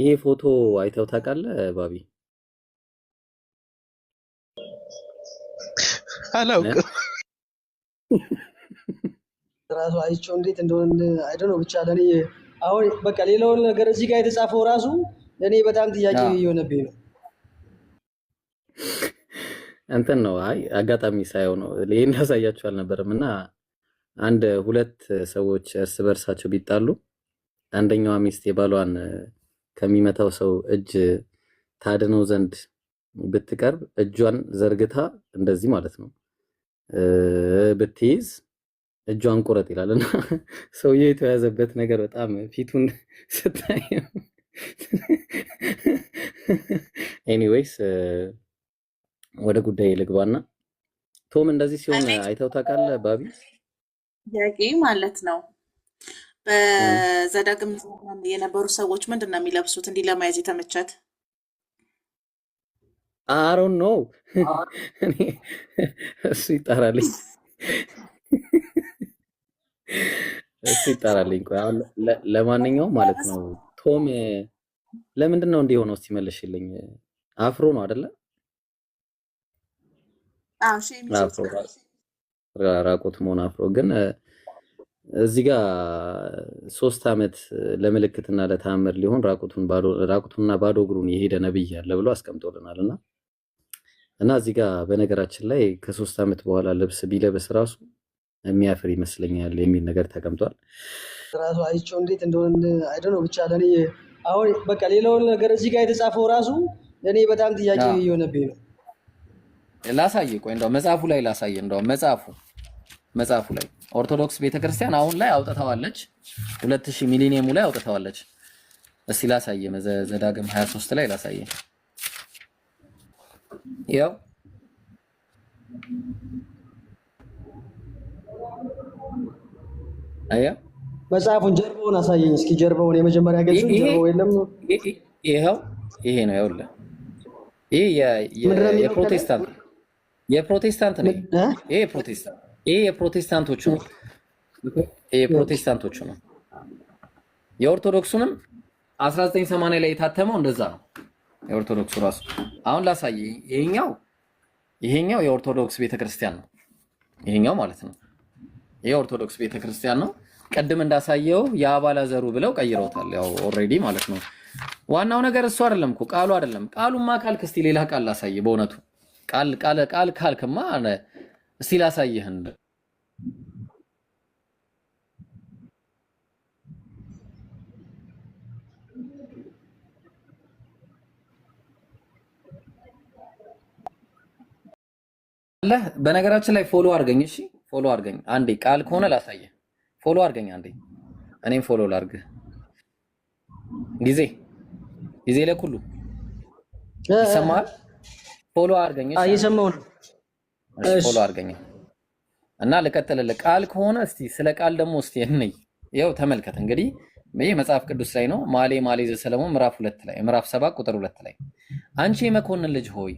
ይሄ ፎቶ አይተው ታውቃለህ ባቢ? አላውቅም። ራሱ አይቼው እንዴት እንደሆነ አይ ዶንት ኖ ብቻ ለኔ አሁን በቃ ሌላውን ነገር እዚህ ጋር የተጻፈው ራሱ ለኔ በጣም ጥያቄ እየሆነብኝ ነው። እንትን ነው አይ አጋጣሚ ሳየው ነው ይሄን ያሳያችሁ አልነበረም። እና አንድ ሁለት ሰዎች እርስ በርሳቸው ቢጣሉ አንደኛዋ ሚስት የባሏን ከሚመታው ሰው እጅ ታድነው ዘንድ ብትቀርብ እጇን ዘርግታ እንደዚህ ማለት ነው ብትይዝ እጇን ቁረጥ ይላል እና ሰውዬ የተያዘበት ነገር በጣም ፊቱን ስታይ ኤኒዌይስ ወደ ጉዳይ ልግባና ቶም እንደዚህ ሲሆን አይተው ታውቃለህ ባቢ ጥያቄ ማለት ነው በዘዳግም የነበሩ ሰዎች ምንድን ነው የሚለብሱት? እንዲህ ለማየት የተመቻት? አሮን ነው እሱ ይጠራልኝ እሱ ይጠራልኝ። ለማንኛውም ማለት ነው ቶም ለምንድን ነው እንዲህ ሆነው ሲመለሽልኝ? አፍሮ ነው አደለ? ራቁት መሆን አፍሮ ግን እዚህ ጋር ሶስት ዓመት ለምልክትና ለተአምር ሊሆን ራቁቱንና ባዶ እግሩን የሄደ ነብይ አለ ብሎ አስቀምጦልናል እና እና እዚህ ጋር በነገራችን ላይ ከሶስት ዓመት በኋላ ልብስ ቢለብስ ራሱ የሚያፍር ይመስለኛል የሚል ነገር ተቀምጧል። ራሱ አይቼው እንዴት እንደሆነ አይደነው ብቻ ለእኔ አሁን በቃ ሌላውን ነገር እዚህ ጋር የተጻፈው ራሱ ለእኔ በጣም ጥያቄ እየሆነብኝ ነው። ላሳየ ቆይ እንደው መጽሐፉ ላይ ላሳየ እንደው መጽሐፉ መጽሐፉ ላይ ኦርቶዶክስ ቤተክርስቲያን አሁን ላይ አውጥተዋለች። 2000 ሚሊኒየሙ ላይ አውጥተዋለች። እስቲ ላሳየ፣ ዘዳግም 23 ላይ ላሳየ። ያው አየ መጽሐፉን ጀርባውን አሳየኝ እስኪ። ጀርባውን የመጀመሪያ ገጽ ጀርባው የለም። ይሄው ይሄ ነው። ይኸውልህ ይሄ የፕሮቴስታንት የፕሮቴስታንት ነው። ይሄ ፕሮቴስታንት ይሄ የፕሮቴስታንቶቹ ነው። የፕሮቴስታንቶቹ ነው። የኦርቶዶክሱንም 1980 ላይ የታተመው እንደዛ ነው። የኦርቶዶክሱ ራሱ አሁን ላሳይ። ይሄኛው ይሄኛው የኦርቶዶክስ ቤተክርስቲያን ነው። ይሄኛው ማለት ነው ይሄ ኦርቶዶክስ ቤተክርስቲያን ነው። ቅድም እንዳሳየው የአባላ ዘሩ ብለው ቀይረውታል። ያው ኦልሬዲ ማለት ነው። ዋናው ነገር እሱ አይደለም እኮ ቃሉ አይደለም። ቃሉማ ካልክ እስቲ ሌላ ቃል ላሳይ። በእውነቱ ቃል ቃል ቃል ካልክማ እስቲ ላሳየህን አለ። በነገራችን ላይ ፎሎ አድርገኝ። እሺ ፎሎ አድርገኝ አንዴ፣ ቃል ከሆነ ላሳየ ፎሎ አድርገኝ አንዴ፣ እኔም ፎሎ ላድርግህ። ጊዜ ጊዜ ለኩሉ ይሰማል። ፎሎ አድርገኝ። እየሰማሁ ነው ፎሎ አድርገኝ እና ልቀጥልልህ። ቃል ከሆነ እስቲ ስለ ቃል ደግሞ እስቲ እንይ። ይኸው ተመልከት እንግዲህ ይህ መጽሐፍ ቅዱስ ላይ ነው። ማሌ ማሌ ዘሰለሞን ምዕራፍ ሁለት ላይ ምዕራፍ ሰባት ቁጥር ሁለት ላይ አንቺ የመኮንን ልጅ ሆይ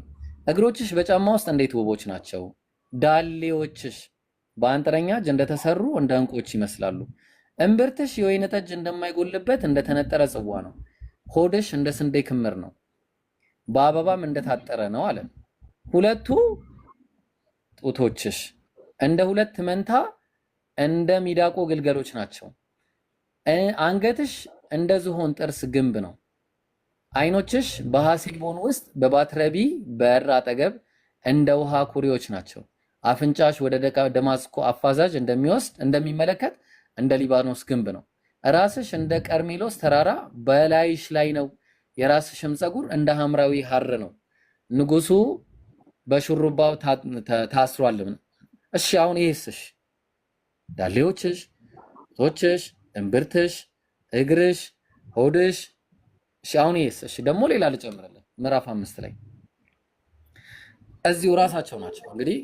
እግሮችሽ በጫማ ውስጥ እንዴት ውቦች ናቸው! ዳሌዎችሽ በአንጥረኛ እጅ እንደተሰሩ እንደ ዕንቆች ይመስላሉ። እምብርትሽ የወይን ጠጅ እንደማይጎልበት እንደተነጠረ ጽዋ ነው። ሆድሽ እንደ ስንዴ ክምር ነው፣ በአበባም እንደታጠረ ነው አለ ሁለቱ ጡቶችሽ እንደ ሁለት መንታ እንደ ሚዳቆ ግልገሎች ናቸው። አንገትሽ እንደ ዝሆን ጥርስ ግንብ ነው። አይኖችሽ በሐሴቦን ውስጥ በባትረቢ በር አጠገብ እንደ ውሃ ኩሬዎች ናቸው። አፍንጫሽ ወደ ደማስቆ አፋዛዥ እንደሚወስድ እንደሚመለከት እንደ ሊባኖስ ግንብ ነው። ራስሽ እንደ ቀርሜሎስ ተራራ በላይሽ ላይ ነው። የራስሽም ፀጉር እንደ ሐምራዊ ሐር ነው። ንጉሱ በሹሩባው ታስሯል። ምን እሺ አሁን ይሄስሽ ዳሌዎችሽ፣ ቶችሽ፣ እምብርትሽ፣ እግርሽ፣ ሆድሽ። እሺ አሁን ይሄስሽ ደግሞ ሌላ ልጨምርልን ምዕራፍ አምስት ላይ እዚሁ ራሳቸው ናቸው እንግዲህ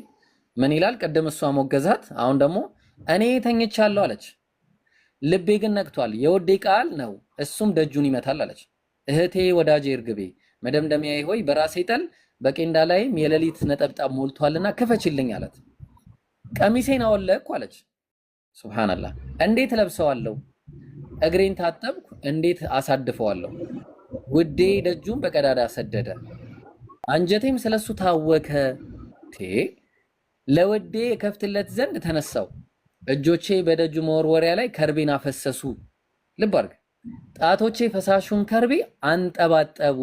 ምን ይላል? ቀደም እሷ ሞገዛት፣ አሁን ደግሞ እኔ ተኝቻለሁ አለች። ልቤ ግን ነቅቷል፣ የወዴ ቃል ነው እሱም ደጁን ይመታል አለች። እህቴ ወዳጄ እርግቤ መደምደሚያ ሆይ በራሴ ጠል በቄንዳ ላይም የሌሊት ነጠብጣብ ሞልቷልና ክፈችልኝ አላት። ቀሚሴን አወለቅኩ አለች። ሱብሃንአላህ እንዴት ለብሰዋለሁ? እግሬን ታጠብኩ፣ እንዴት አሳድፈዋለሁ? ውዴ ደጁን በቀዳዳ ሰደደ፣ አንጀቴም ስለሱ ታወከ። ለውዴ የከፍትለት ዘንድ ተነሳው፣ እጆቼ በደጁ መወርወሪያ ላይ ከርቤን አፈሰሱ። ልብ አድርግ፣ ጣቶቼ ፈሳሹን ከርቤ አንጠባጠቡ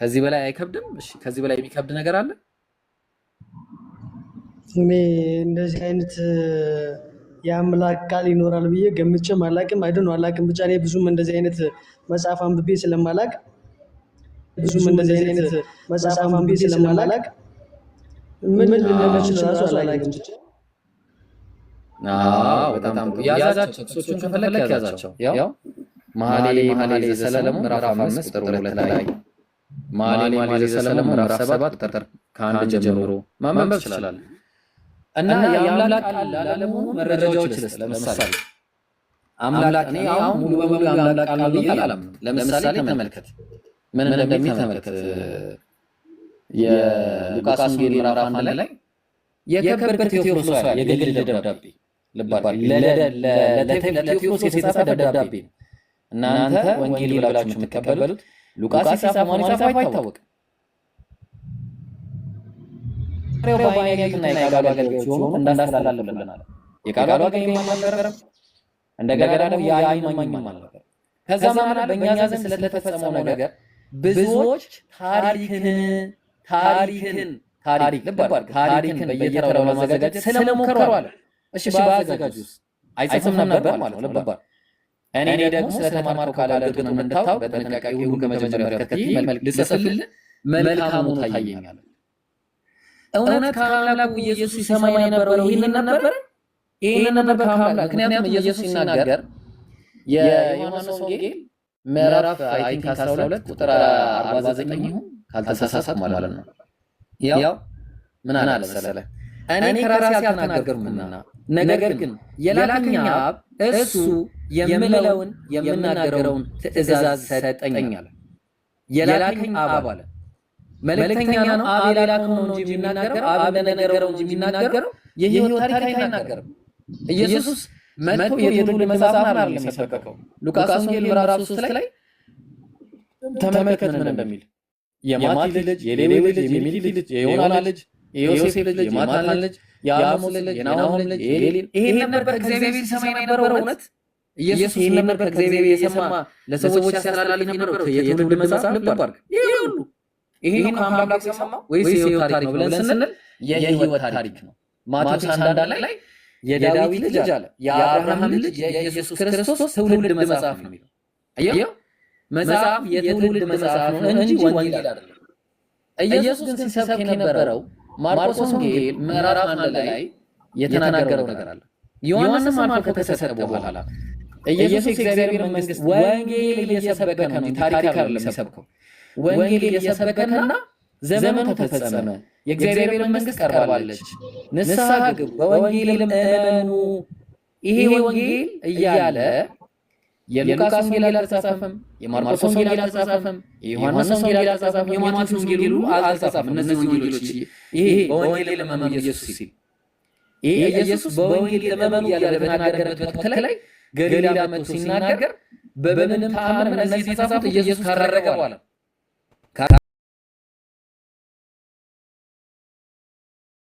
ከዚህ በላይ አይከብድም። እሺ፣ ከዚህ በላይ የሚከብድ ነገር አለ? እኔ እንደዚህ አይነት የአምላክ ቃል ይኖራል ብዬ ገምቼም አላቅም። አይደ ነው አላቅም። ብቻ እኔ ብዙም እንደዚህ አይነት መጽሐፍ አንብቤ ስለማላቅ ብዙም እንደዚህ አይነት መጽሐፍ አንብቤ ስለማላቅ ምን ልንለችል ራሱ አላቅም። በጣም ያዛቸው ያዛቸው ያው መኃልየ መኃልየ ዘሰሎሞን ምዕራፍ አምስት ቁጥር ሁለት ላይ ማሌ ማሌ ዘሰለሞን ምዕራፍ ሰባት ቁጥር ከአንድ ጀምሮ ማንበብ ትችላለህ። እና የአምላክ ቃል ላለመሆኑ መረጃዎች ለምሳሌ አምላክ እኔ አሁን ሙሉ በሙሉ የአምላክ ቃል ብዬ አላም። ለምሳሌ ተመልከት፣ ምን እንደሚል ተመልከት። የሉቃስ ወንጌል ምዕራፍ አንድ ላይ የከበርከ ቴዎፍሎስ የግል ደብዳቤ ለቴዎፍሎስ የተጻፈ ደብዳቤ እናንተ ወንጌል ብላችሁ የምትቀበሉት ሉቃስ የጻፈ ማን የጻፈ አይታወቅም። የቃሉ አገልጋዮች የሆኑ እንዳስተላልፍልናል። የቃሉ አገልጋይ አልነበረም። እንደገና ደግሞ የአይን እማኝም አልነበረም። ከዛ ማለት በእኛ ዘንድ ስለተፈጸመው ነገር ብዙዎች ታሪክን ታሪክን ታሪክ ልባል ታሪክን በየተራው ለማዘጋጀት ስለሞከሩ አለ። እሺ በአዘጋጁ አይጽፍም ነበር ማለት ነው ልባል እኔ ደግሞ ስለተማርኩ ካላደርግ ነው የምንታው። በጥንቃቄ ሁሉ ከመጀመሪያ ከትል ልጽፍልህ መልካሙ ታየኛል። እውነት ከአምላኩ ኢየሱስ ይሰማ የነበረው ይህንን ነበር፣ ይህንን ነበር ከአምላክ ምክንያቱም ኢየሱስ ሲናገር የዮሐንስ ወንጌል ምዕራፍ አይ ቲንክ 12 ቁጥር 49 ይሁን ካልተሳሳት ማለት ነው። ያው ምን አለ መሰለህ እኔ ከራሴ አልተናገርኩምና፣ ነገር ግን የላከኝ አብ እሱ የምለውን የምናገረውን ትእዛዝ ሰጠኛል። የላከኝ አብ አለ መልእክተኛ ነው። አብ የላከው ነው እንጂ የሚናገረው አብ እንደነገረው እንጂ የሚናገረው የህይወት ታሪክ አይናገርም። ኢየሱስ መጥቶ የትውልድ መጽሐፍን አይደለም የሰበከው። ሉቃስ ወንጌል ምዕራፍ ሶስት ላይ ተመልከት ምን እንደሚል የማቲ ልጅ የሌዊ ልጅ የሚሊ ልጅ የዮና ልጅ የዮሴፍ ልጅ የማታን ልጅ ልጅ የናሆም ልጅ ይሄን ነበር የነበረው። እውነት ኢየሱስ ይሄን ነበር ከእግዚአብሔር የሰማ ለሰዎች ሲያስተላልፍ የነበረው የትውልድ መጽሐፍ ይሄ ሁሉ ይሄን ከአምላክ የሰማ ወይስ የህይወት ታሪክ ነው ብለን ስንል የህይወት ታሪክ ነው። ማቴዎስ አንዳንድ ላይ የዳዊት ልጅ አለ የአብርሃም ልጅ የኢየሱስ ክርስቶስ ትውልድ መጽሐፍ ነው የሚለው መጽሐፍ የትውልድ መጽሐፍ ነው እንጂ ወንጌል አይደለም። ኢየሱስ ግን ሲሰብክ የነበረው ማርቆስ ወንጌል ምዕራፍ አንድ ላይ የተናገረው ነገር አለ። ዮሐንስም አልፎ ከተሰጠ በኋላ ኢየሱስ የእግዚአብሔር መንግስት ወንጌል እየሰበከ ነው፣ ታሪክ አይደለም የሚሰብከው። ወንጌል እየሰበከና ዘመኑ ተፈጸመ፣ የእግዚአብሔር መንግስት ቀርባለች፣ ንስሐ ግቡ፣ በወንጌልም እመኑ፣ ይሄ ወንጌል እያለ የሉቃስ ወንጌል አልተጻፈም፣ የማርቆስ ወንጌል አልተጻፈም፣ የዮሐንስ ወንጌል አልተጻፈም፣ የማቴዎስ ወንጌል ሁሉ አልተጻፈም። እነዚህ ወንጌሎች ይሄ በወንጌል ለመመኑ ኢየሱስ ሲል ይሄ ኢየሱስ በወንጌል ለመመኑ እያለ በተናገረበት ወቅት ላይ ገሊላ መጥቶ ሲናገር በምንም ተአምር እነዚህ የተጻፉት ኢየሱስ ካረገ በኋላ